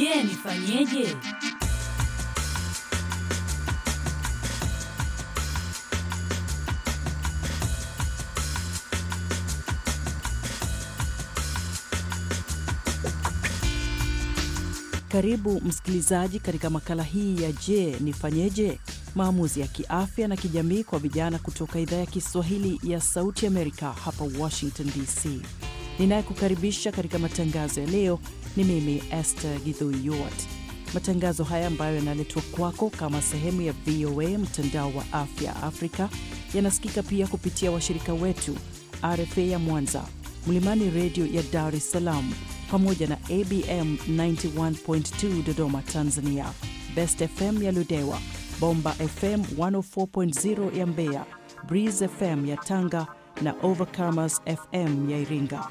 Je, nifanyeje? Karibu msikilizaji katika makala hii ya Je, nifanyeje? Maamuzi ya kiafya na kijamii kwa vijana kutoka idhaa ya Kiswahili ya Sauti Amerika hapa Washington DC ninayekukaribisha katika matangazo ya leo ni mimi Esther Githui Matangazo haya ambayo yanaletwa kwako kama sehemu ya VOA mtandao wa afya Afrika yanasikika pia kupitia washirika wetu RFA ya Mwanza, Mlimani Redio ya Dar es Salaam, pamoja na ABM 91.2 Dodoma Tanzania, Best FM ya Ludewa, Bomba FM 104.0 ya Mbeya, Breeze FM ya Tanga na Overcomers FM ya Iringa.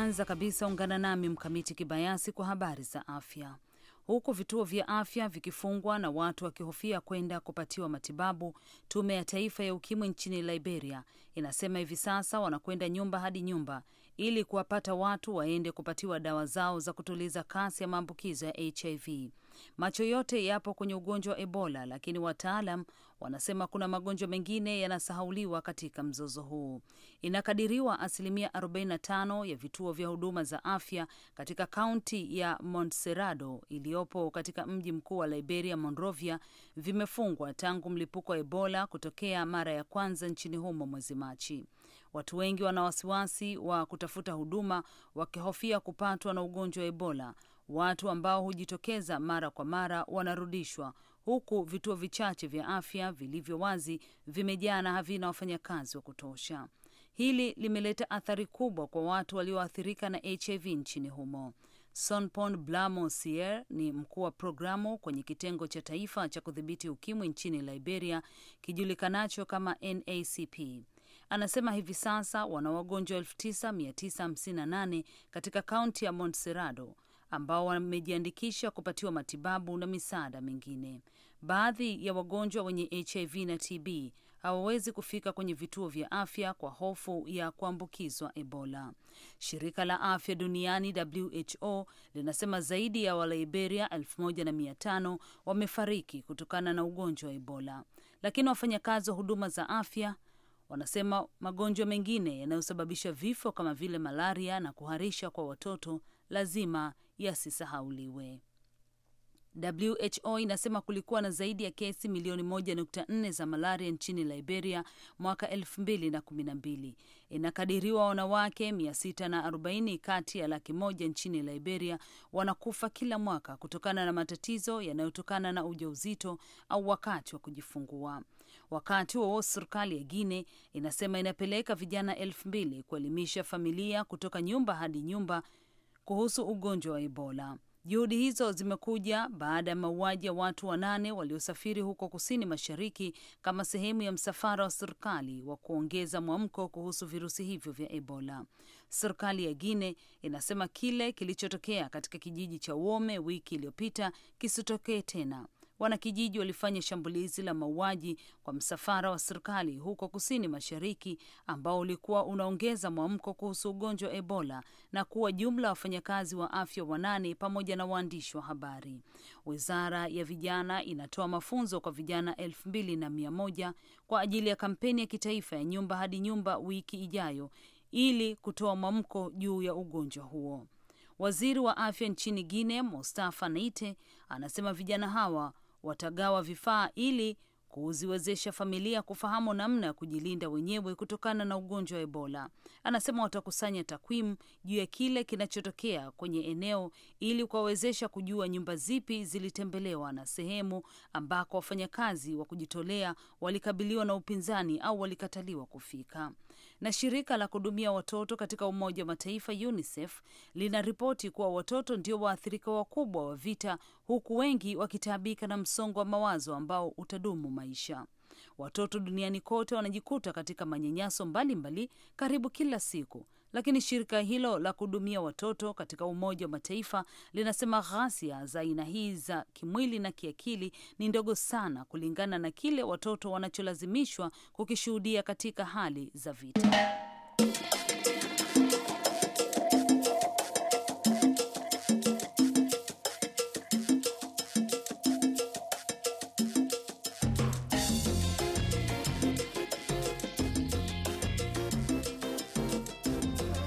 Kwanza kabisa ungana nami Mkamiti Kibayasi kwa habari za afya. Huku vituo vya afya vikifungwa na watu wakihofia kwenda kupatiwa matibabu, tume ya taifa ya ukimwi nchini Liberia inasema hivi sasa wanakwenda nyumba hadi nyumba ili kuwapata watu waende kupatiwa dawa zao za kutuliza kasi ya maambukizo ya HIV. Macho yote yapo kwenye ugonjwa wa Ebola, lakini wataalam wanasema kuna magonjwa mengine yanasahauliwa katika mzozo huu. Inakadiriwa asilimia 45 ya vituo vya huduma za afya katika kaunti ya Montserrado iliyopo katika mji mkuu wa Liberia, Monrovia, vimefungwa tangu mlipuko wa Ebola kutokea mara ya kwanza nchini humo mwezi Machi. Watu wengi wana wasiwasi wa kutafuta huduma wakihofia kupatwa na ugonjwa wa Ebola Watu ambao hujitokeza mara kwa mara wanarudishwa, huku vituo vichache vya afya vilivyo wazi vimejaa na havina wafanyakazi wa kutosha. Hili limeleta athari kubwa kwa watu walioathirika na HIV nchini humo. Sonpon Blamosier ni mkuu wa programu kwenye kitengo cha taifa cha kudhibiti ukimwi nchini Liberia kijulikanacho kama NACP. Anasema hivi sasa wana wagonjwa 9958 katika kaunti ya Montserrado ambao wamejiandikisha kupatiwa matibabu na misaada mingine. Baadhi ya wagonjwa wenye HIV na TB hawawezi kufika kwenye vituo vya afya kwa hofu ya kuambukizwa Ebola. Shirika la afya duniani WHO linasema zaidi ya Waliberia 1500 wamefariki kutokana na ugonjwa wa Ebola, lakini wafanyakazi wa huduma za afya wanasema magonjwa mengine yanayosababisha vifo kama vile malaria na kuharisha kwa watoto lazima yasisahauliwe. WHO inasema kulikuwa na zaidi ya kesi milioni 1.4 za malaria nchini Liberia mwaka 2012. Inakadiriwa wanawake 640 kati ya laki moja nchini Liberia wanakufa kila mwaka kutokana na matatizo yanayotokana na ujauzito au wakati wa kujifungua. Wakati huo serikali ya guine inasema inapeleka vijana mbili kuelimisha familia kutoka nyumba hadi nyumba kuhusu ugonjwa wa Ebola. Juhudi hizo zimekuja baada ya mauaji ya watu wanane waliosafiri huko kusini mashariki kama sehemu ya msafara wa serikali wa kuongeza mwamko kuhusu virusi hivyo vya Ebola. Serikali ya Guine inasema kile kilichotokea katika kijiji cha Wome wiki iliyopita kisitokee tena. Wanakijiji walifanya shambulizi la mauaji kwa msafara wa serikali huko kusini mashariki, ambao ulikuwa unaongeza mwamko kuhusu ugonjwa wa Ebola na kuwa jumla wafanyakazi wa afya wanane pamoja na waandishi wa habari. Wizara ya vijana inatoa mafunzo kwa vijana elfu mbili na mia moja kwa ajili ya kampeni ya kitaifa ya nyumba hadi nyumba wiki ijayo ili kutoa mwamko juu ya ugonjwa huo. Waziri wa afya nchini Guinea, Mustafa Naite, anasema vijana hawa watagawa vifaa ili kuziwezesha familia kufahamu namna ya kujilinda wenyewe kutokana na ugonjwa wa Ebola. Anasema watakusanya takwimu juu ya kile kinachotokea kwenye eneo ili kuwawezesha kujua nyumba zipi zilitembelewa na sehemu ambako wafanyakazi wa kujitolea walikabiliwa na upinzani au walikataliwa kufika. Na shirika la kuhudumia watoto katika Umoja wa Mataifa UNICEF linaripoti kuwa watoto ndio waathirika wakubwa wa vita, huku wengi wakitaabika na msongo wa mawazo ambao utadumu maisha. Watoto duniani kote wanajikuta katika manyanyaso mbalimbali mbali karibu kila siku, lakini shirika hilo la kuhudumia watoto katika Umoja wa Mataifa linasema ghasia za aina hii za kimwili na kiakili ni ndogo sana kulingana na kile watoto wanacholazimishwa kukishuhudia katika hali za vita.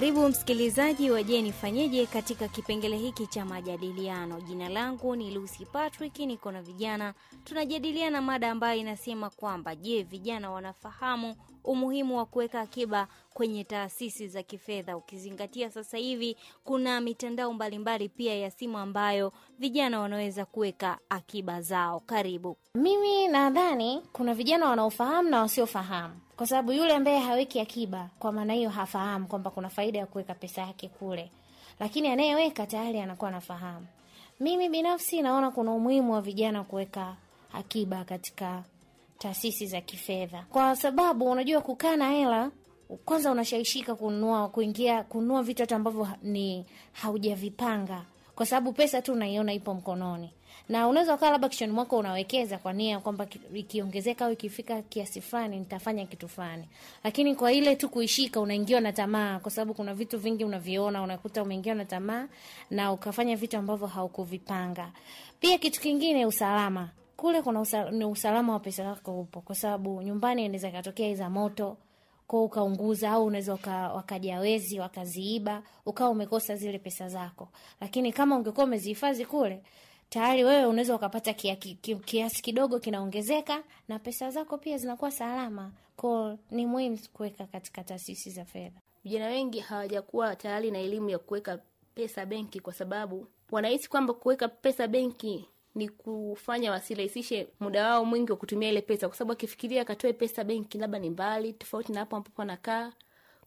Karibu msikilizaji wa Je Nifanyeje katika kipengele hiki cha majadiliano. Jina langu ni Lucy Patrick, niko na vijana tunajadiliana mada ambayo inasema kwamba je, vijana wanafahamu umuhimu wa kuweka akiba kwenye taasisi za kifedha, ukizingatia sasa hivi kuna mitandao mbalimbali pia ya simu ambayo vijana wanaweza kuweka akiba zao. Karibu. Mimi nadhani kuna vijana wanaofahamu na wasiofahamu, kwa sababu yule ambaye haweki akiba, kwa maana hiyo hafahamu kwamba kuna faida ya kuweka pesa yake kule, lakini anayeweka tayari anakuwa anafahamu. Mimi binafsi naona kuna umuhimu wa vijana kuweka akiba katika taasisi za kifedha, kwa sababu unajua kukaa na hela kwanza unashaishika kununua kuingia kununua vitu hata ambavyo ni haujavipanga, kwa sababu pesa tu unaiona ipo mkononi, na unaweza ukaa labda kichoni mwako unawekeza kwa nia kwamba ikiongezeka au ikifika kiasi fulani nitafanya kitu fulani, lakini kwa ile tu kuishika unaingiwa na tamaa, kwa sababu kuna vitu vingi unaviona, unakuta umeingiwa na tamaa na ukafanya vitu ambavyo haukuvipanga. Pia kitu kingine, usalama kule kuna usal, ni usalama wa pesa yako upo, kwa sababu nyumbani inaweza ikatokea iza moto kwa ukaunguza, au unaweza wakaja wezi wakaziiba, ukawa umekosa zile pesa zako. Lakini kama ungekuwa umezihifadhi kule tayari, wewe unaweza ukapata kiasi kia, kia kidogo kinaongezeka, na pesa zako pia zinakuwa salama. Kwao ni muhimu kuweka katika taasisi za fedha. Vijana wengi hawajakuwa tayari na elimu ya kuweka pesa benki, kwa sababu wanahisi kwamba kuweka pesa benki ni kufanya wasirahisishe muda wao mwingi wa kutumia ile pesa, kwa sababu akifikiria akatoe pesa benki labda ni mbali, tofauti na hapo ambapo anakaa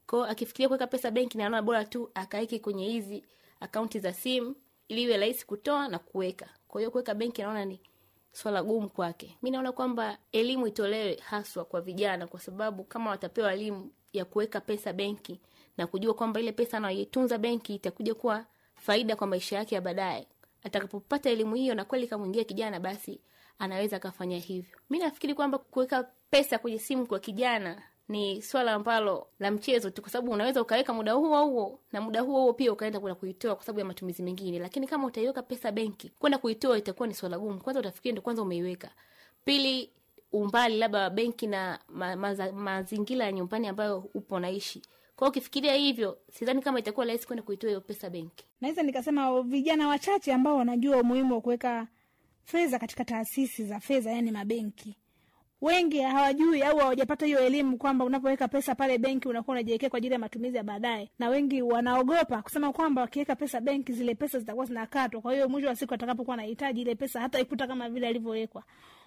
ko Akifikiria kuweka pesa benki, naona bora tu akaweke kwenye hizi akaunti za simu ili iwe rahisi kutoa na kuweka. Kwa hiyo kuweka benki naona ni swala gumu kwake. Mi naona kwamba elimu itolewe haswa kwa vijana, kwa sababu kama watapewa elimu ya kuweka pesa benki na kujua kwamba ile pesa anaoitunza benki itakuja kuwa faida kwa maisha yake ya baadaye, atakapopata elimu hiyo na kweli kamwingia kijana, basi anaweza akafanya hivyo. Mi nafikiri kwamba kuweka pesa kwenye simu kwa kijana ni swala ambalo la mchezo tu, kwa sababu unaweza ukaweka muda huo huo na muda huo huo pia ukaenda kwenda kuitoa kwa sababu ya matumizi mengine. Lakini kama utaiweka pesa benki, kwenda kuitoa itakuwa ni swala gumu. Kwanza utafikiri ndo kwanza umeiweka, pili umbali labda wa benki na ma, ma, ma, mazingira ya nyumbani ambayo upo naishi kwa ukifikiria hivyo, sidhani kama itakuwa rahisi kwenda kuitoa hiyo pesa benki. Naweza nikasema vijana wachache ambao wanajua umuhimu wa kuweka fedha katika taasisi za fedha, yani mabenki wengi hawajui au hawajapata hiyo elimu kwamba unapoweka pesa pale benki unakuwa unajiwekea kwa ajili ya matumizi ya baadaye, na wengi wanaogopa kusema kwamba wakiweka pesa benki zile pesa zitakuwa zinakatwa. Kwa hiyo mwisho wa siku atakapokuwa anahitaji ile pesa hata ikuta kama vile alivyowekwa.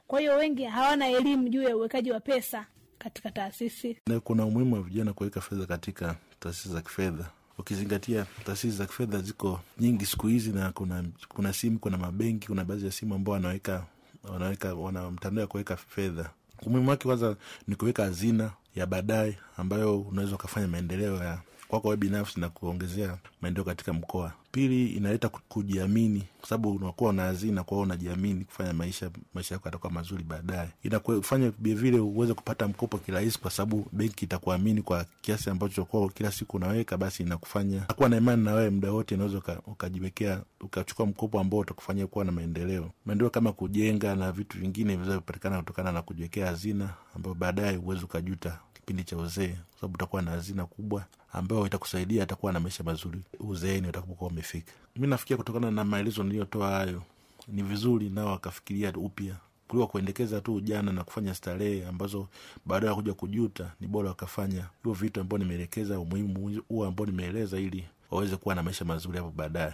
Kwa hiyo wengi hawana elimu juu ya uwekaji wa pesa katika taasisi. Na kuna umuhimu wa vijana kuweka fedha katika taasisi za kifedha, ukizingatia taasisi za kifedha ziko nyingi siku hizi, na kuna kuna simu, kuna mabenki, kuna baadhi ya simu ambao wanaweka wanaweka wana mtandao ya kuweka fedha. Umuhimu wake kwanza ni kuweka hazina ya baadaye ambayo unaweza ukafanya maendeleo ya kwako we binafsi na kuongezea maendeleo katika mkoa. Pili, inaleta kujiamini, kwa sababu unakuwa na hazina, kwao, unajiamini kufanya maisha maisha yako yatakuwa mazuri baadaye. Inakufanya vilevile uweze kupata mkopo kirahisi, kwa sababu benki itakuamini kwa kiasi ambacho kwa kila siku unaweka, basi inakufanya akuwa na imani na wewe muda wote, unaweza ukajiwekea ukachukua mkopo ambao utakufanya kuwa na maendeleo, maendeleo kama kujenga na vitu vingine vinavyopatikana kutokana na kujiwekea hazina ambayo baadaye uwezi ukajuta kipindi cha uzee, kwa sababu utakuwa na hazina kubwa ambayo itakusaidia atakuwa na maisha mazuri uzeeni utakapokuwa umefika. Mi nafikia kutokana na maelezo niliyotoa hayo, ni vizuri nao akafikiria upya kuliko kuendekeza tu ujana na kufanya starehe ambazo baadaye kuja kujuta. Ni bora wakafanya hivyo vitu ambao nimeelekeza, umuhimu huo ambao nimeeleza, ili waweze kuwa na maisha mazuri hapo baadaye.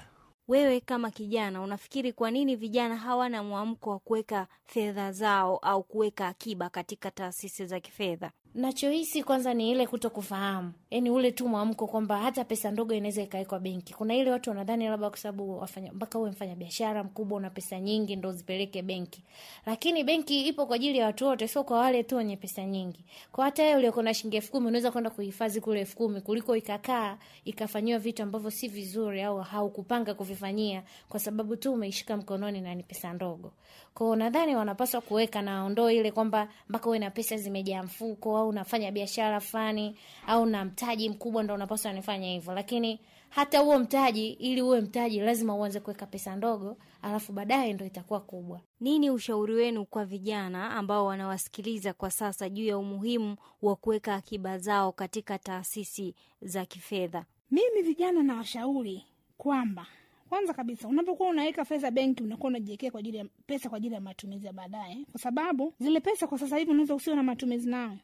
Wewe kama kijana unafikiri kwa nini vijana hawana mwamko wa kuweka fedha zao au kuweka akiba katika taasisi za kifedha? Nachohisi kwanza ni ile kuto kufahamu, yani ule tu mwamko kwamba hata pesa ndogo inaweza ikawekwa benki. Kuna ile watu wanadhani labda kwa sababu mpaka uwe mfanya biashara mkubwa una pesa nyingi ndo zipeleke benki, lakini benki ipo kwa ajili ya watu wote, sio kwa wale tu wenye pesa nyingi. Kwa hata wewe ulioko na shilingi elfu kumi unaweza kwenda kuhifadhi kule elfu kumi kuliko ikakaa ikafanyiwa vitu ambavyo si vizuri au haukupanga kuvifanyia kwa sababu tu umeishika mkononi na ni pesa ndogo. Kwao nadhani wanapaswa kuweka na ondoe ile kwamba mpaka uwe na pesa zimejaa mfuko au unafanya biashara fulani au na mtaji mkubwa ndo unapaswa nifanya hivyo, lakini hata huo mtaji, ili uwe mtaji lazima uanze kuweka pesa ndogo, alafu baadaye ndo itakuwa kubwa. Nini ushauri wenu kwa vijana ambao wanawasikiliza kwa sasa juu ya umuhimu wa kuweka akiba zao katika taasisi za kifedha? Mimi vijana nawashauri kwamba kwanza kabisa unapokuwa unaweka fedha benki, unakuwa unajiwekea kwa ajili ya pesa kwa ajili ya matumizi ya baadaye, kwa sababu zile pesa kwa sasa hivi unaweza usiwe na matumizi nayo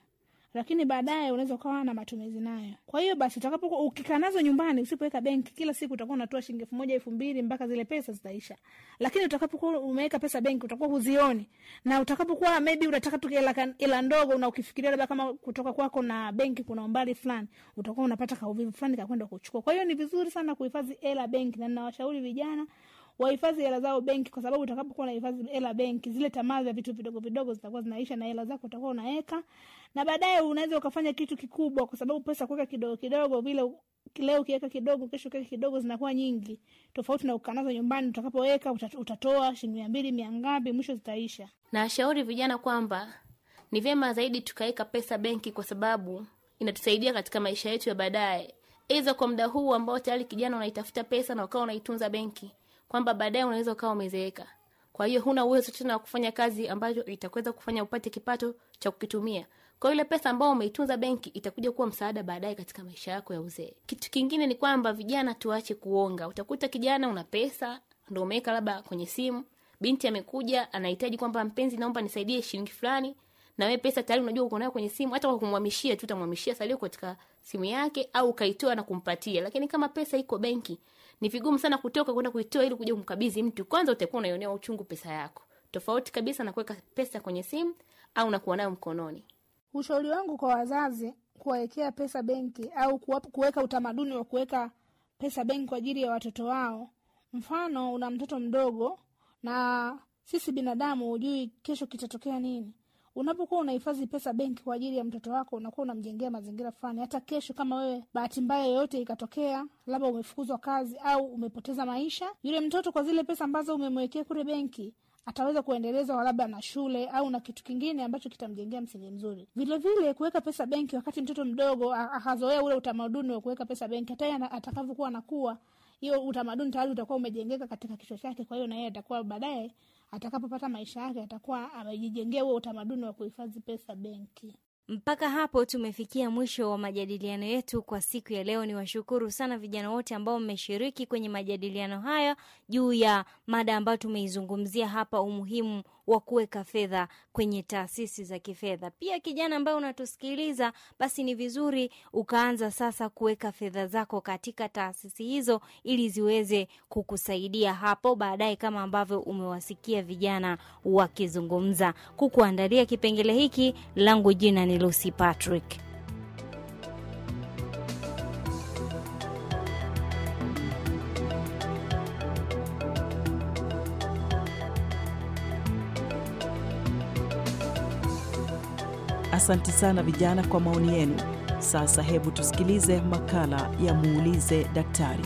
lakini baadaye unaweza ukawa na matumizi nayo. Kwa hiyo basi, utakapo ukikaa nazo nyumbani, usipoweka benki, kila siku utakuwa unatoa shilingi elfu moja elfu mbili mpaka zile pesa zitaisha. Lakini utakapokuwa umeweka pesa benki, utakuwa huzioni, na utakapokuwa maybe unataka tu ela ndogo, na ukifikiria labda kama kutoka kwako na benki kuna umbali fulani, utakuwa unapata kauvivu fulani kakwenda kuchukua. Kwa hiyo ni vizuri sana kuhifadhi ela benki, na ninawashauri vijana wahifadhi hela zao benki, kwa sababu utakapokuwa unahifadhi hela benki, zile tamaa za vitu vidogo vidogo zitakuwa zinaisha na hela zako utakuwa unaweka, na baadaye unaweza ukafanya kitu kikubwa, kwa sababu pesa kuweka kidogo kidogo vile leo ukiweka kidogo, kesho ukiweka kidogo, zinakuwa nyingi, tofauti na ukanazo nyumbani. Utakapoweka utatoa shilingi mia mbili mia ngapi, mwisho zitaisha. Na ashauri vijana kwamba ni vyema zaidi tukaweka pesa benki, kwa sababu inatusaidia katika maisha yetu ya baadaye, iza kwa muda huu ambao tayari kijana unaitafuta pesa na ukawa unaitunza benki kwamba baadaye unaweza ukawa umezeeka, kwa hiyo huna uwezo tena wa kufanya kazi ambayo itakuweza kufanya upate kipato cha kukitumia. Kwa ile pesa ambayo umeitunza benki itakuja kuwa msaada baadaye katika maisha yako ya uzee. Kitu kingine ni kwamba vijana tuache kuonga. Utakuta kijana una pesa ndo umeweka labda kwenye simu, binti amekuja anahitaji kwamba mpenzi, naomba nisaidie shilingi fulani, na wewe pesa tayari unajua uko nayo kwenye simu, hata kwa kumwamishia tu utamwamishia salio katika simu yake, au ukaitoa na kumpatia. Lakini kama pesa iko benki ni vigumu sana kutoka kwenda kuitoa ili kuja kumkabidhi mtu. Kwanza utakuwa unaionea uchungu pesa yako, tofauti kabisa na kuweka pesa kwenye simu au nakuwa nayo mkononi. Ushauri wangu kwa wazazi kuwawekea pesa benki au kuweka utamaduni wa kuweka pesa benki kwa ajili ya watoto wao. Mfano, una mtoto mdogo na sisi binadamu hujui kesho kitatokea nini. Unapokuwa unahifadhi pesa benki kwa ajili ya mtoto wako, unakuwa unamjengea mazingira fulani. Hata kesho kama wewe bahati mbaya yoyote ikatokea, labda umefukuzwa kazi au umepoteza maisha, yule mtoto kwa zile pesa ambazo umemwekea kule benki ataweza kuendeleza labda na shule au na kitu kingine ambacho kitamjengea msingi mzuri. Vilevile kuweka pesa benki wakati mtoto mdogo akazoea ule utamaduni wa kuweka pesa benki, hata atakavyokuwa anakuwa, hiyo utamaduni tayari utakuwa umejengeka katika kichwa chake. Kwa hiyo na yeye atakuwa baadaye atakapopata maisha yake atakuwa amejijengea huo utamaduni wa kuhifadhi pesa benki. Mpaka hapo tumefikia mwisho wa majadiliano yetu kwa siku ya leo. Ni washukuru sana vijana wote ambao mmeshiriki kwenye majadiliano haya juu ya mada ambayo tumeizungumzia hapa, umuhimu wa kuweka fedha kwenye taasisi za kifedha. Pia kijana ambaye unatusikiliza, basi ni vizuri ukaanza sasa kuweka fedha zako katika taasisi hizo ili ziweze kukusaidia hapo baadaye, kama ambavyo umewasikia vijana wakizungumza. Kukuandalia kipengele hiki langu, jina ni Lucy Patrick. Asante sana vijana kwa maoni yenu. Sasa hebu tusikilize makala ya muulize daktari.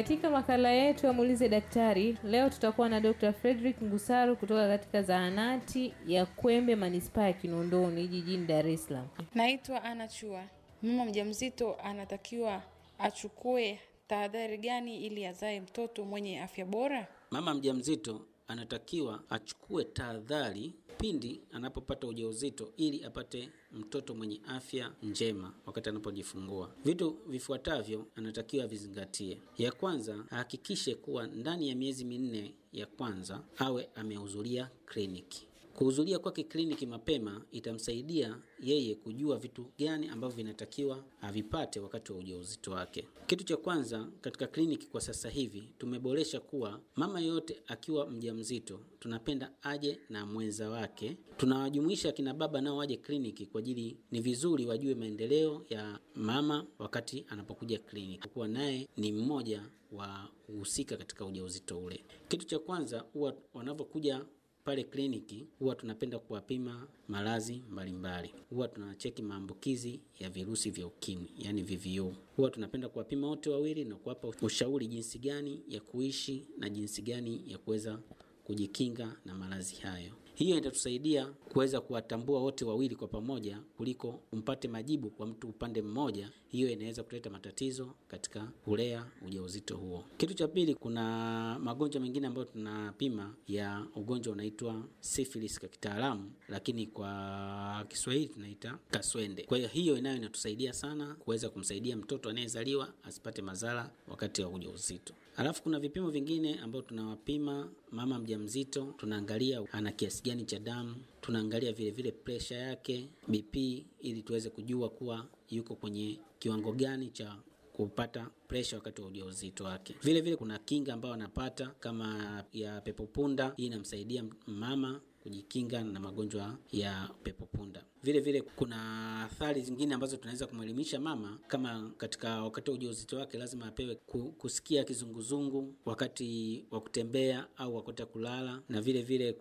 Katika makala yetu ya muulize daktari leo tutakuwa na Dr. Frederick Ngusaru kutoka katika zahanati ya Kwembe manispaa ya Kinondoni jijini Dar es Salaam. Naitwa Ana Chua. Mama mjamzito anatakiwa achukue tahadhari gani ili azae mtoto mwenye afya bora? Mama mjamzito anatakiwa achukue tahadhari pindi anapopata ujauzito ili apate mtoto mwenye afya njema wakati anapojifungua. Vitu vifuatavyo anatakiwa avizingatie. Ya kwanza, ahakikishe kuwa ndani ya miezi minne ya kwanza awe amehudhuria kliniki. Kuhudhuria kwake kliniki mapema itamsaidia yeye kujua vitu gani ambavyo vinatakiwa avipate wakati wa ujauzito wake. Kitu cha kwanza katika kliniki kwa sasa hivi tumeboresha kuwa mama yoyote akiwa mjamzito tunapenda aje na mwenza wake. Tunawajumuisha akina baba nao waje kliniki kwa ajili, ni vizuri wajue maendeleo ya mama wakati anapokuja kliniki, kuwa naye ni mmoja wa uhusika katika ujauzito ule. Kitu cha kwanza huwa wanavyokuja pale kliniki huwa tunapenda kuwapima maradhi mbalimbali. Huwa tunacheki maambukizi ya virusi vya ukimwi, yani VVU. Huwa tunapenda kuwapima wote wawili na kuwapa ushauri jinsi gani ya kuishi na jinsi gani ya kuweza kujikinga na maradhi hayo. Hiyo itatusaidia kuweza kuwatambua wote wawili kwa pamoja kuliko umpate majibu kwa mtu upande mmoja. Hiyo inaweza kuleta matatizo katika kulea ujauzito huo. Kitu cha pili, kuna magonjwa mengine ambayo tunapima ya ugonjwa unaitwa syphilis kwa kitaalamu, lakini kwa Kiswahili tunaita kaswende. Kwa hiyo hiyo inayo inatusaidia sana kuweza kumsaidia mtoto anayezaliwa asipate madhara wakati wa ujauzito. Alafu kuna vipimo vingine ambao tunawapima mama mjamzito, tunaangalia ana kiasi gani cha damu, tunaangalia vile vile presha yake, BP, ili tuweze kujua kuwa yuko kwenye kiwango gani cha kupata presha wakati wa ujauzito wake. Vile vile kuna kinga ambayo anapata kama ya pepopunda. Hii inamsaidia mama kujikinga na magonjwa ya pepopunda. Vile vile kuna athari zingine ambazo tunaweza kumwelimisha mama, kama katika wakati wa ujauzito wake lazima apewe kusikia kizunguzungu wakati wa kutembea au wakati kulala, na vile vile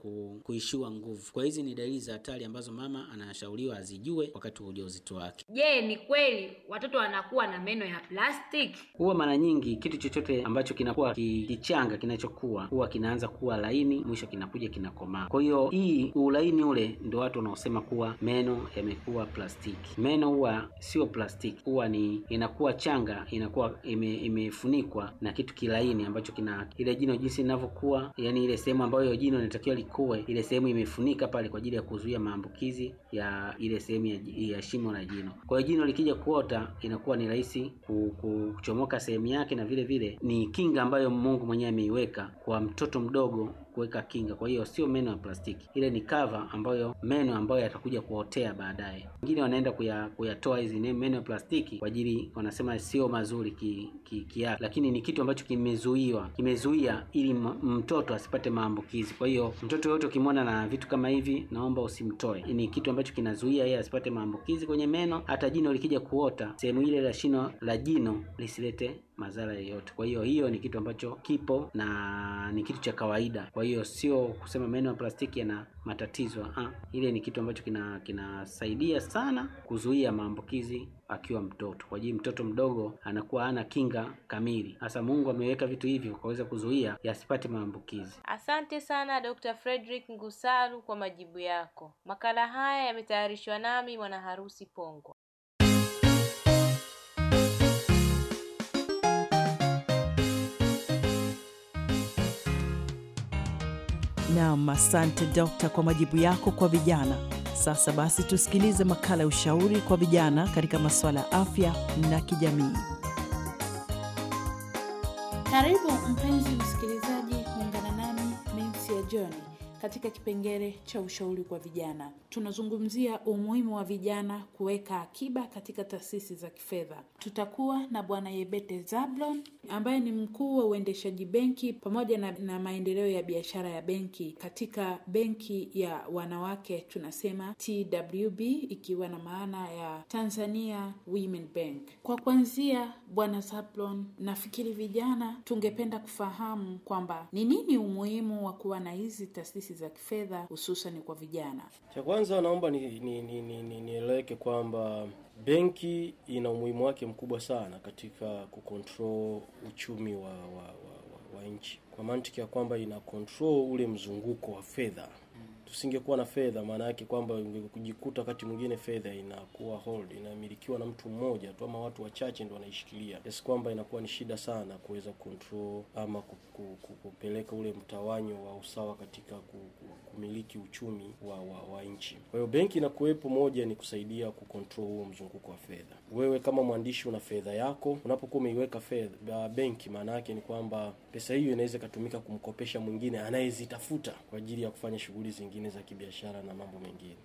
kuishiwa nguvu. Kwa hizi ni dalili za hatari ambazo mama anashauriwa azijue wakati wa ujauzito wake. Je, ni kweli watoto wanakuwa na meno ya plastic Huwa mara nyingi kitu chochote ambacho kinakuwa kichanga kinachokuwa huwa kinaanza kuwa laini, mwisho kinakuja kinakomaa. Kwa hiyo hii ulaini ule ndio watu wanaosema kuwa meno meno yamekuwa plastiki. Meno huwa sio plastiki, huwa ni inakuwa changa, inakuwa ime, imefunikwa na kitu kilaini ambacho kina ile jino jinsi linavyokuwa, yani ile sehemu ambayo jino inatakiwa likuwe, ile sehemu imefunika pale kwa ajili ya kuzuia maambukizi ya ile sehemu ya, ya shimo la jino. Kwa hiyo jino likija kuota inakuwa ni rahisi kuchomoka sehemu yake, na vile vile ni kinga ambayo Mungu mwenyewe ameiweka kwa mtoto mdogo kuweka kinga. Kwa hiyo sio meno ya plastiki, ile ni cover ambayo meno ambayo yatakuja kuotea baadaye. Wengine wanaenda kuya, kuyatoa hizi meno ya plastiki kwa ajili wanasema sio mazuri ki, ki, kiafya, lakini ni kitu ambacho kimezuiwa kimezuia ili mtoto asipate maambukizi. Kwa hiyo mtoto yote ukimwona na vitu kama hivi, naomba usimtoe. Ni kitu ambacho kinazuia yeye asipate maambukizi kwenye meno, hata jino likija kuota sehemu ile la shino la jino lisilete madhara yoyote. Kwa hiyo hiyo ni kitu ambacho kipo na ni kitu cha kawaida. Kwa hiyo sio kusema meno ya plastiki yana matatizo ha. Ah, ile ni kitu ambacho kina kinasaidia sana kuzuia maambukizi akiwa mtoto, kwa hiyo mtoto mdogo anakuwa hana kinga kamili. Hasa Mungu ameweka vitu hivi kaweza kuzuia yasipate maambukizi. Asante sana Dr. Frederick Ngusalu kwa majibu yako. Makala haya yametayarishwa nami Mwana Harusi Pongo. Nam, asante dokta kwa majibu yako kwa vijana. Sasa basi tusikilize makala ya ushauri kwa vijana katika masuala ya afya na kijamii. Karibu mpenzi msikilizaji, kuungana nami Mensia John katika kipengele cha ushauri kwa vijana. Tunazungumzia umuhimu wa vijana kuweka akiba katika taasisi za kifedha. Tutakuwa na Bwana Yebete Zablon ambaye ni mkuu wa uendeshaji benki pamoja na, na maendeleo ya biashara ya benki katika benki ya wanawake tunasema TWB, ikiwa na maana ya Tanzania Women Bank. Kwa kuanzia, Bwana Zablon, nafikiri vijana tungependa kufahamu kwamba ni nini umuhimu wa kuwa na hizi taasisi taasisi za kifedha hususan kwa vijana? Cha kwanza naomba nieleweke ni, ni, ni, ni, ni kwamba benki ina umuhimu wake mkubwa sana katika kukontrol uchumi wa, wa, wa, wa, wa nchi kwa mantiki ya kwamba ina control ule mzunguko wa fedha tusingekuwa na fedha, maana yake kwamba ungekujikuta wakati mwingine fedha inakuwa hold, inamilikiwa na mtu mmoja tu ama watu wachache ndo wanaishikilia, kiasi kwamba inakuwa ni shida sana kuweza control ama kupeleka ule mtawanyo wa usawa katika ku, ku, kumiliki uchumi wa, wa, wa nchi. Kwa hiyo benki inakuwepo, moja ni kusaidia kukontrol huo mzunguko wa fedha. Wewe kama mwandishi una fedha yako, unapokuwa umeiweka fedha benki, maana yake ni kwamba pesa hiyo inaweza ikatumika kumkopesha mwingine anayezitafuta kwa ajili ya kufanya shughuli zingine za kibiashara na mambo mengine.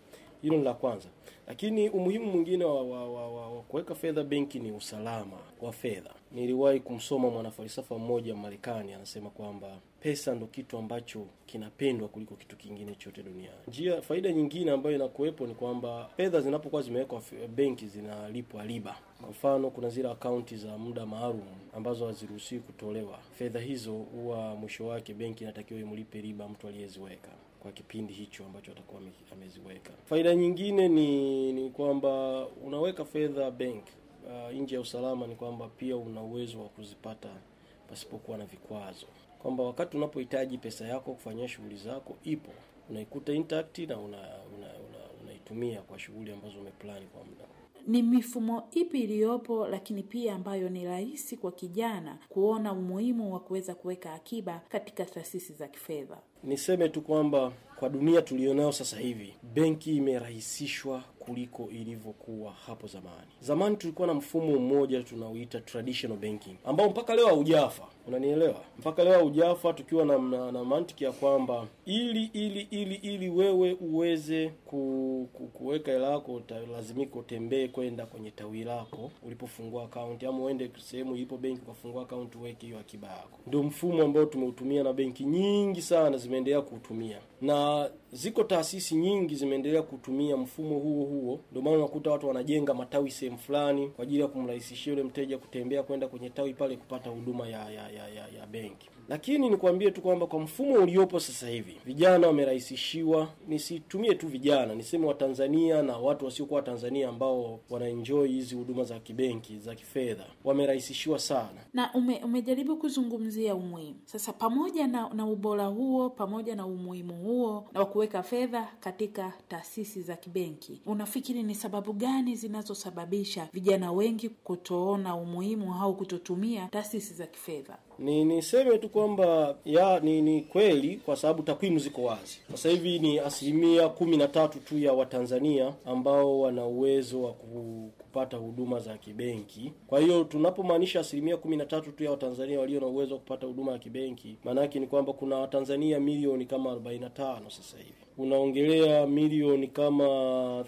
Hilo ni la kwanza, lakini umuhimu mwingine wa, wa, wa, wa, wa kuweka fedha benki ni usalama wa fedha. Niliwahi kumsoma mwanafalsafa mmoja Marekani anasema kwamba pesa ndo kitu ambacho kinapendwa kuliko kitu kingine chote duniani. Njia faida nyingine ambayo inakuwepo ni kwamba fedha zinapokuwa zimewekwa benki zinalipwa riba. Kwa mfano, kuna zile akaunti za muda maalum ambazo haziruhusiwi kutolewa. Fedha hizo huwa mwisho wake benki inatakiwa imlipe riba mtu aliyeziweka kwa kipindi hicho ambacho atakuwa ameziweka. Faida nyingine ni ni kwamba unaweka fedha bank uh, nje ya usalama ni kwamba pia una uwezo wa kuzipata pasipokuwa na vikwazo, kwamba wakati unapohitaji pesa yako kufanyia shughuli zako ipo, unaikuta intact na una, una, una, unaitumia kwa shughuli ambazo umeplan kwa muda ni mifumo ipi iliyopo, lakini pia ambayo ni rahisi kwa kijana kuona umuhimu wa kuweza kuweka akiba katika taasisi za kifedha. Niseme tu kwamba kwa dunia tuliyonayo sasa hivi benki imerahisishwa kuliko ilivyokuwa hapo zamani. Zamani tulikuwa na mfumo mmoja tunauita traditional banking ambao mpaka leo haujafa, unanielewa? Mpaka leo haujafa, tukiwa na, na, na mantiki ya kwamba ili ili ili ili wewe uweze ku, ku, kuweka hela yako lazimika utembee kwenda kwenye tawi lako ulipofungua akaunti, ama uende sehemu ilipo benki ukafungua akaunti uweke hiyo akiba yako. Ndio mfumo ambao tumeutumia na benki nyingi sana zimeendelea kuutumia na ziko taasisi nyingi zimeendelea kutumia mfumo huo huo. Ndio maana unakuta watu wanajenga matawi sehemu fulani kwa ajili ya kumrahisishia yule mteja kutembea kwenda kwenye tawi pale kupata huduma ya, ya, ya, ya, ya benki. Lakini nikwambie tu kwamba kwa mfumo uliopo sasa hivi vijana wamerahisishiwa, nisitumie tu vijana, niseme Watanzania na watu wasiokuwa Watanzania ambao wanaenjoy hizi huduma za kibenki za kifedha wamerahisishiwa sana. Na ume, umejaribu kuzungumzia umuhimu sasa, pamoja na, na ubora huo pamoja na umuhimu huo na wa kuweka fedha katika taasisi za kibenki, unafikiri ni sababu gani zinazosababisha vijana wengi kutoona umuhimu au kutotumia taasisi za kifedha? Ni niseme tu kwamba ya ni, ni kweli kwa sababu takwimu ziko wazi. Sasa hivi ni asilimia kumi na tatu tu ya Watanzania ambao wana uwezo wa kupata huduma za kibenki. Kwa hiyo tunapomaanisha asilimia kumi na tatu tu ya Watanzania walio na uwezo wa kupata huduma ya kibenki, maana ni kwamba kuna Watanzania milioni kama 45 sasa hivi unaongelea milioni kama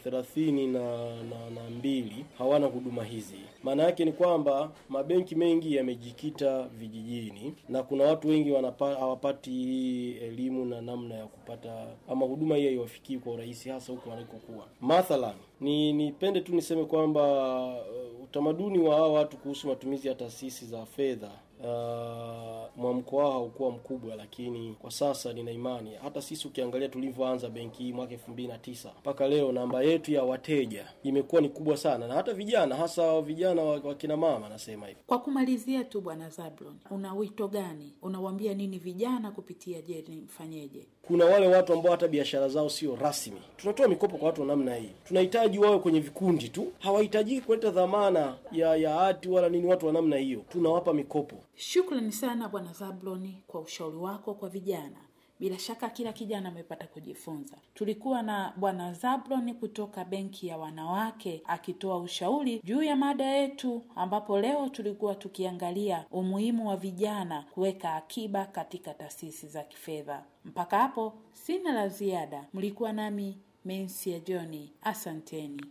thelathini na, na, na mbili hawana huduma hizi. Maana yake ni kwamba mabenki mengi yamejikita vijijini na kuna watu wengi wanapa, hawapati hii elimu na namna ya kupata ama huduma hiyo haiwafikii kwa urahisi, hasa huko wanakokuwa. Mathalan, ni nipende tu niseme kwamba uh, Utamaduni wa hawa watu kuhusu matumizi ya taasisi za fedha uh, mwamko wao haukuwa mkubwa, lakini kwa sasa nina imani hata sisi ukiangalia tulivyoanza benki hii mwaka 2009 mpaka leo, namba yetu ya wateja imekuwa ni kubwa sana, na hata vijana, hasa vijana wa kina mama. Nasema hivi kwa kumalizia tu, Bwana Zablon, una wito gani? Unawaambia nini vijana kupitia ni Mfanyeje? Kuna wale watu ambao hata biashara zao sio rasmi. Tunatoa mikopo kwa watu wa namna hii, tunahitaji wawe kwenye vikundi tu, hawahitaji kuleta dhamana ya ya hati wala nini, watu wa namna hiyo tunawapa mikopo. Shukrani sana Bwana Zabloni kwa ushauri wako kwa vijana. Bila shaka kila kijana amepata kujifunza. Tulikuwa na Bwana Zabloni kutoka benki ya wanawake akitoa ushauri juu ya mada yetu, ambapo leo tulikuwa tukiangalia umuhimu wa vijana kuweka akiba katika taasisi za kifedha. Mpaka hapo sina la ziada. Mlikuwa nami Mensia Johni, asanteni.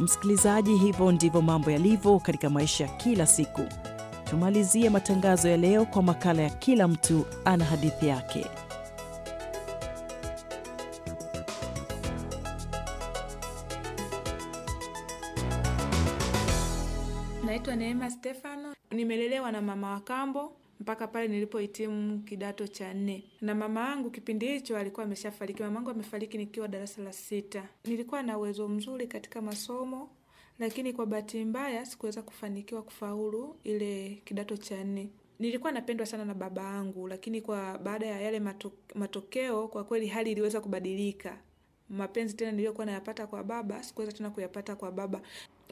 Msikilizaji, hivyo ndivyo mambo yalivyo katika maisha ya kila siku. Tumalizie matangazo ya leo kwa makala ya kila mtu ana hadithi yake. Naitwa Neema Stefano, nimelelewa na mama wa kambo mpaka pale nilipohitimu kidato cha nne, na mama yangu kipindi hicho alikuwa ameshafariki. Mama yangu amefariki nikiwa darasa la sita. Nilikuwa na uwezo mzuri katika masomo, lakini kwa bahati mbaya sikuweza kufanikiwa kufaulu ile kidato cha nne. Nilikuwa napendwa sana na baba yangu, lakini kwa baada ya yale matokeo, kwa kweli hali iliweza kubadilika. Mapenzi tena niliyokuwa nayapata kwa baba sikuweza tena kuyapata kwa baba.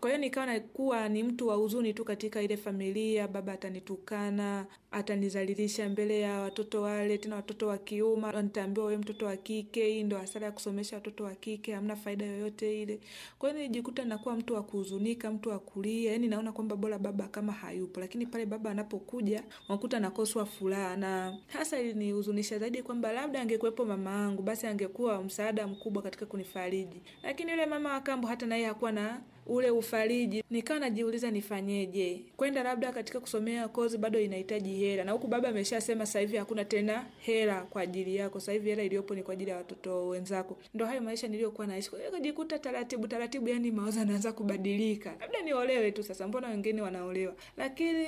Kwa hiyo nikawa nakuwa ni mtu wa huzuni tu katika ile familia, baba atanitukana, atanizalilisha mbele ya watoto wale, tena watoto wa kiuma nitaambiwa wewe mtoto wa kike, hii ndo hasara ya kusomesha watoto wa kike, hamna faida yoyote ile. Kwa hiyo nilijikuta nakuwa mtu wa kuhuzunika, mtu wa kulia, yani naona kwamba bora baba kama hayupo, lakini pale baba anapokuja wakuta nakoswa furaha, na hasa ilinihuzunisha zaidi kwamba labda angekuwepo mama angu basi angekuwa msaada mkubwa katika kunifariji, lakini yule mama wa kambo hata naye hakuwa na ule ufariji. Nikawa najiuliza nifanyeje, kwenda labda katika kusomea kozi bado inahitaji hela, na huku baba ameshasema sasa hivi hakuna tena hela kwa ajili yako, sasa hivi hela iliyopo ni kwa ajili ya watoto wenzako. Ndo hayo maisha niliyokuwa naishi. Kwa hiyo kajikuta taratibu taratibu, yani mawazo anaanza kubadilika, labda niolewe tu sasa, mbona wengine wanaolewa. Lakini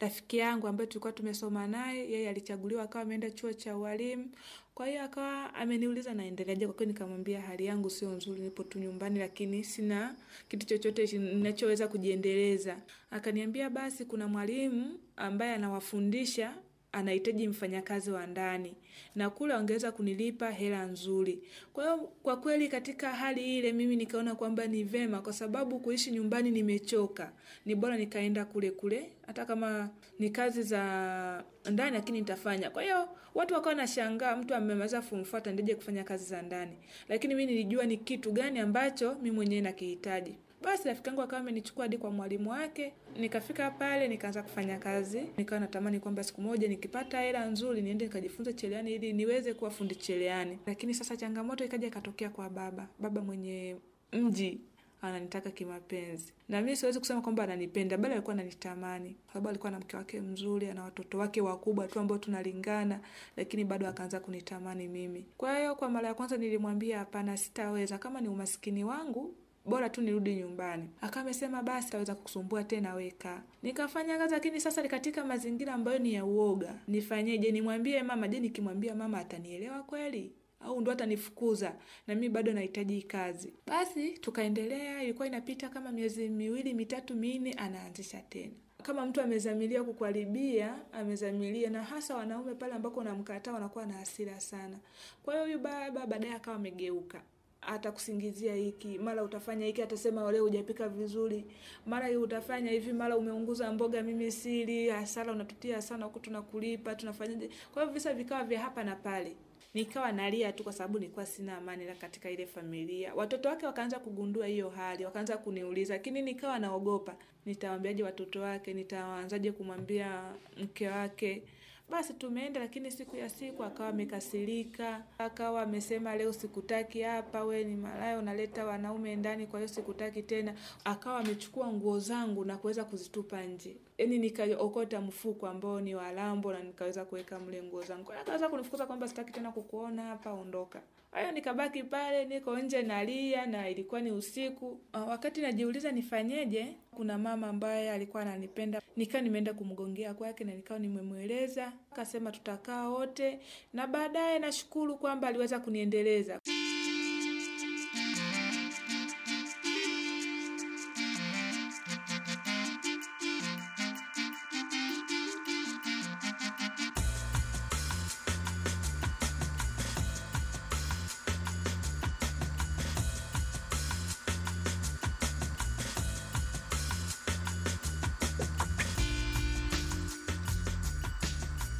rafiki yangu ambaye tulikuwa tumesoma naye, yeye alichaguliwa akawa ameenda chuo cha ualimu. Kwa hiyo akawa ameniuliza naendeleaje, kwa nikamwambia hali yangu sio nzuri, nipo tu nyumbani, lakini sina kitu chochote ninachoweza kujiendeleza. Akaniambia basi kuna mwalimu ambaye anawafundisha anahitaji mfanyakazi wa ndani na kule wangeweza kunilipa hela nzuri. Kwa hiyo kwa kweli katika hali ile mimi nikaona kwamba ni vema, kwa sababu kuishi nyumbani nimechoka, ni bora nikaenda kule kule, hata kama ni kazi za ndani, lakini nitafanya. Kwa hiyo watu wakawa nashangaa, mtu amemaliza fumfuata four kufanya kazi za ndani? Lakini mi nilijua ni kitu gani ambacho mi mwenyewe nakihitaji. Basi rafiki yangu akawa amenichukua hadi kwa mwalimu wake. Nikafika pale nikaanza kufanya kazi, nikawa natamani kwamba siku moja nikipata hela nzuri niende nikajifunze cheleani ili niweze kuwa fundi cheleani. Lakini sasa changamoto ikaja ikatokea kwa baba, baba mwenye mji ananitaka kimapenzi na mimi siwezi kusema kwamba ananipenda, bali alikuwa ananitamani, kwa sababu alikuwa na mke wake mzuri, ana watoto wake wakubwa tu ambao tunalingana, lakini bado akaanza kunitamani mimi. Kwa hiyo, kwa mara ya kwanza nilimwambia hapana, sitaweza, kama ni umaskini wangu bora tu nirudi nyumbani. Akawa amesema basi taweza kukusumbua tena weka. Nikafanya kazi, lakini sasa ni katika mazingira ambayo ni ya uoga. Nifanyeje? Nimwambie mama? Je, nikimwambia mama atanielewa kweli au ndo atanifukuza na mimi bado nahitaji kazi? Basi tukaendelea, ilikuwa inapita kama miezi miwili mitatu minne, anaanzisha tena kama mtu amezamilia kukuharibia, amezamilia na hasa wanaume pale ambako unamkataa wanakuwa na hasira sana. Kwa hiyo huyu baba baadaye akawa amegeuka atakusingizia hiki, mara utafanya hiki, atasema leo hujapika vizuri, mara hii utafanya hivi, mara umeunguza mboga, mimi sili, hasara unatutia sana huko, tunakulipa tunafanyaje? Kwa hiyo visa vikawa vya hapa na pale, nikawa nalia tu, kwa sababu nilikuwa sina amani katika ile familia. Watoto wake wakaanza kugundua hiyo hali, wakaanza kuniuliza, lakini nikawa naogopa, nitawaambiaje watoto wake? Nitaanzaje kumwambia mke wake? Basi tumeenda, lakini siku ya siku akawa amekasirika, akawa amesema leo sikutaki hapa, we ni malaya, unaleta wanaume ndani, kwa hiyo sikutaki tena. Akawa amechukua nguo zangu na kuweza kuzitupa nje, yaani nikaokota mfuko ambao ni walambo na nikaweza kuweka mle nguo zangu. Akaweza kunifukuza kwamba sitaki tena kukuona hapa, ondoka. Hayo nikabaki pale niko nje nalia, na ilikuwa ni usiku. Ah, wakati najiuliza nifanyeje, kuna mama ambaye alikuwa ananipenda, nikawa nimeenda kumgongea kwake na nikawa nimemweleza, akasema tutakaa wote, na baadaye nashukuru kwamba aliweza kuniendeleza.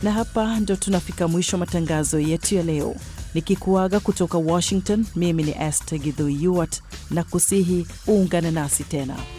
Na hapa ndo tunafika mwisho matangazo yetu ya leo, nikikuaga kutoka Washington. Mimi ni este Githu na kusihi uungane nasi tena.